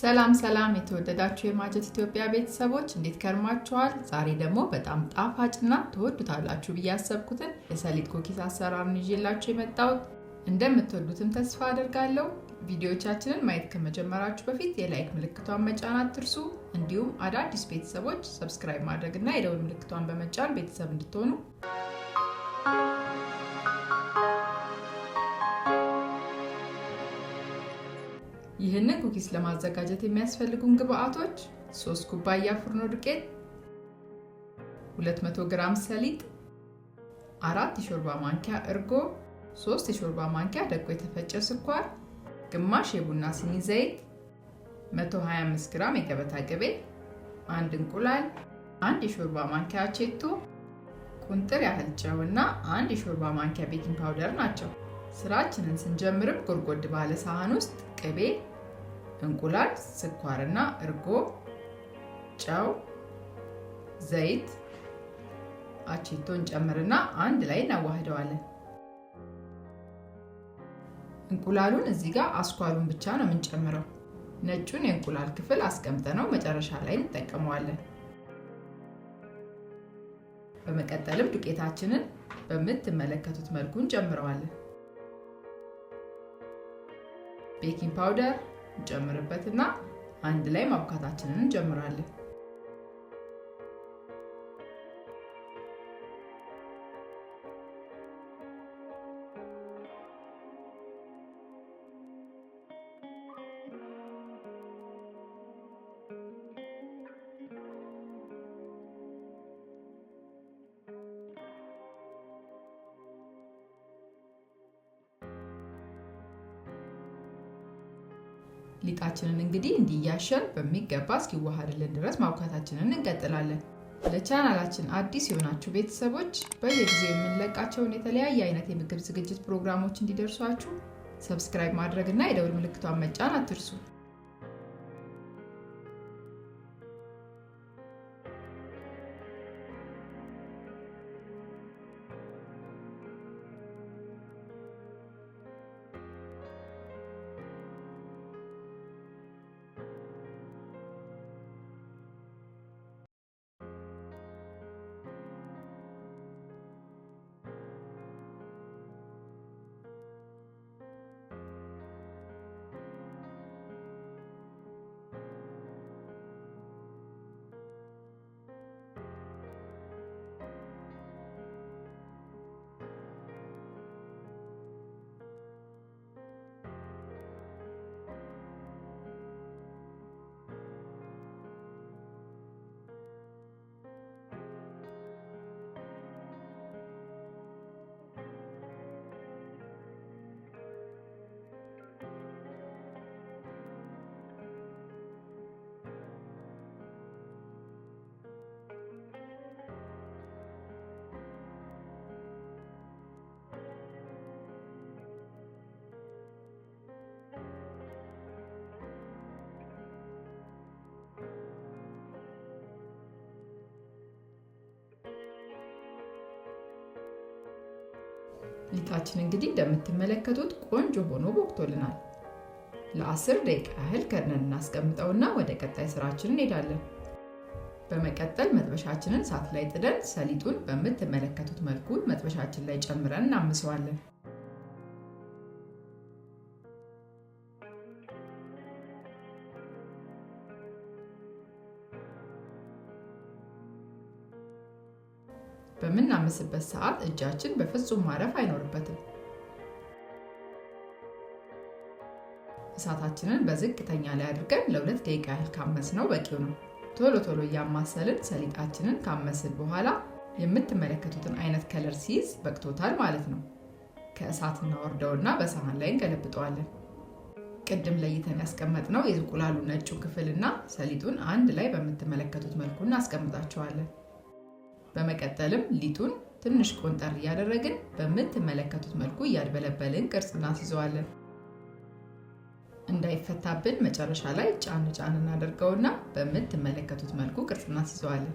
ሰላም ሰላም የተወደዳችሁ የማጀት ኢትዮጵያ ቤተሰቦች እንዴት ከርማችኋል? ዛሬ ደግሞ በጣም ጣፋጭና ትወዱታላችሁ ብዬ ያሰብኩትን የሰሊጥ ኩኪስ አሰራሩን ይዤላችሁ የመጣሁት እንደምትወዱትም ተስፋ አድርጋለሁ። ቪዲዮቻችንን ማየት ከመጀመራችሁ በፊት የላይክ ምልክቷን መጫን አትርሱ። እንዲሁም አዳዲስ ቤተሰቦች ሰብስክራይብ ማድረግና የደውል ምልክቷን በመጫን ቤተሰብ እንድትሆኑ ይህንን ኩኪስ ለማዘጋጀት የሚያስፈልጉን ግብአቶች 3 ኩባያ ፍርኖ ዱቄት፣ 200 ግራም ሰሊጥ፣ 4 የሾርባ ማንኪያ እርጎ፣ 3 የሾርባ ማንኪያ ደቆ የተፈጨ ስኳር፣ ግማሽ የቡና ስኒ ዘይት፣ 125 ግራም የገበታ ቅቤ፣ አንድ እንቁላል፣ አንድ የሾርባ ማንኪያ አቼቶ፣ ቁንጥር ያህል ጨው እና አንድ የሾርባ ማንኪያ ቤኪንግ ፓውደር ናቸው። ስራችንን ስንጀምርም ጎድጎድ ባለ ሳህን ውስጥ ቅቤ፣ እንቁላል፣ ስኳርና እርጎ፣ ጨው፣ ዘይት፣ አቼቶን ጨምርና አንድ ላይ እናዋህደዋለን። እንቁላሉን እዚህ ጋር አስኳሉን ብቻ ነው የምንጨምረው። ነጩን የእንቁላል ክፍል አስቀምጠነው መጨረሻ ላይ እንጠቀመዋለን። በመቀጠልም ዱቄታችንን በምትመለከቱት መልኩ እንጨምረዋለን። ቤኪንግ ፓውደር እንጨምርበትና አንድ ላይ ማብካታችንን እንጀምራለን። ሊጣችንን እንግዲህ እንዲያሸን በሚገባ እስኪዋሃድልን ድረስ ማብካታችንን እንቀጥላለን። ለቻናላችን አዲስ የሆናችሁ ቤተሰቦች በየጊዜው የምንለቃቸውን የተለያየ አይነት የምግብ ዝግጅት ፕሮግራሞች እንዲደርሷችሁ ሰብስክራይብ ማድረግ እና የደውል ምልክቷን መጫን አትርሱ። ሊጣችን እንግዲህ እንደምትመለከቱት ቆንጆ ሆኖ ቦክቶልናል። ለአስር ደቂቃ ያህል ከድነን እናስቀምጠውና ወደ ቀጣይ ስራችን እንሄዳለን። በመቀጠል መጥበሻችንን እሳት ላይ ጥደን ሰሊጡን በምትመለከቱት መልኩ መጥበሻችን ላይ ጨምረን እናምሰዋለን። በምናምስበት ሰዓት እጃችን በፍጹም ማረፍ አይኖርበትም። እሳታችንን በዝቅተኛ ላይ አድርገን ለሁለት ደቂቃ ያህል ነው በቂው ነው። ቶሎ ቶሎ እያማሰልን ሰሊጣችንን ካመስል በኋላ የምትመለከቱትን አይነት ከለር ሲይዝ በቅቶታል ማለት ነው። ከእሳት እናወርደውና በሰሃን ላይ እንገለብጠዋለን። ቅድም ለይተን ያስቀመጥነው የእንቁላሉ ነጩ ክፍልና ሰሊጡን አንድ ላይ በምትመለከቱት መልኩ እናስቀምጣቸዋለን። በመቀጠልም ሊጡን ትንሽ ቆንጠር እያደረግን በምትመለከቱት መልኩ እያድበለበልን ቅርጽ እናስይዘዋለን። እንዳይፈታብን መጨረሻ ላይ ጫን ጫን እናደርገውና በምትመለከቱት መልኩ ቅርጽ እናስይዘዋለን።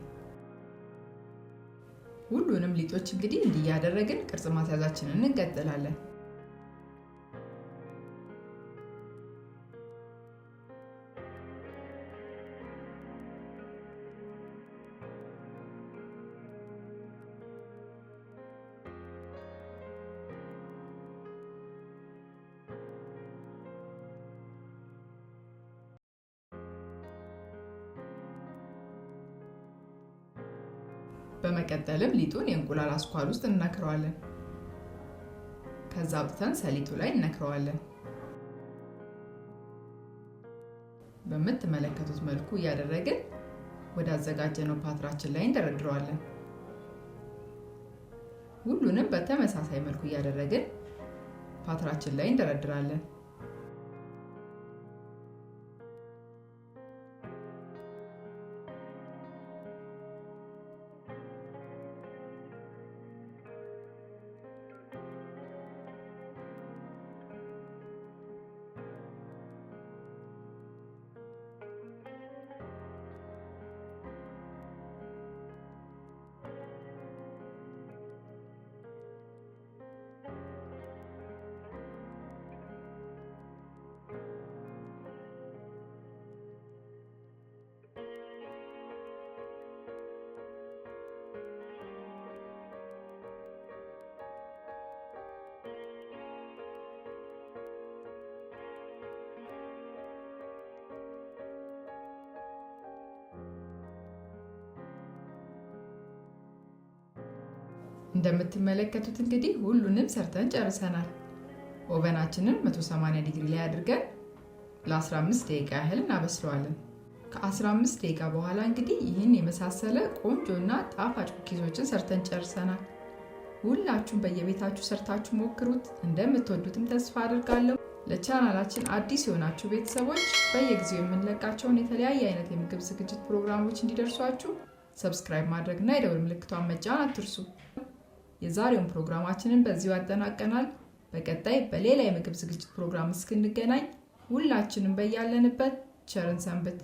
ሁሉንም ሊጦች እንግዲህ እንዲያደረግን ቅርጽ ማስያዛችንን እንቀጥላለን። በመቀጠልም ሊጡን የእንቁላል አስኳል ውስጥ እንነክረዋለን። ከዛ አውጥተን ሰሊጡ ላይ እንነክረዋለን። በምትመለከቱት መልኩ እያደረግን ወደ አዘጋጀነው ፓትራችን ላይ እንደረድረዋለን። ሁሉንም በተመሳሳይ መልኩ እያደረግን ፓትራችን ላይ እንደረድራለን። እንደምትመለከቱት እንግዲህ ሁሉንም ሰርተን ጨርሰናል። ኦቨናችንን 180 ዲግሪ ላይ አድርገን ለ15 ደቂቃ ያህል እናበስለዋለን። ከ15 ደቂቃ በኋላ እንግዲህ ይህን የመሳሰለ ቆንጆና ጣፋጭ ኩኪዞችን ሰርተን ጨርሰናል። ሁላችሁም በየቤታችሁ ሰርታችሁ ሞክሩት፣ እንደምትወዱትም ተስፋ አድርጋለሁ። ለቻናላችን አዲስ የሆናችሁ ቤተሰቦች በየጊዜው የምንለቃቸውን የተለያየ አይነት የምግብ ዝግጅት ፕሮግራሞች እንዲደርሷችሁ ሰብስክራይብ ማድረግና የደውል ምልክቷን መጫን አትርሱ። የዛሬውን ፕሮግራማችንን በዚሁ ያጠናቀናል። በቀጣይ በሌላ የምግብ ዝግጅት ፕሮግራም እስክንገናኝ ሁላችንም በያለንበት ቸርን ሰንብት።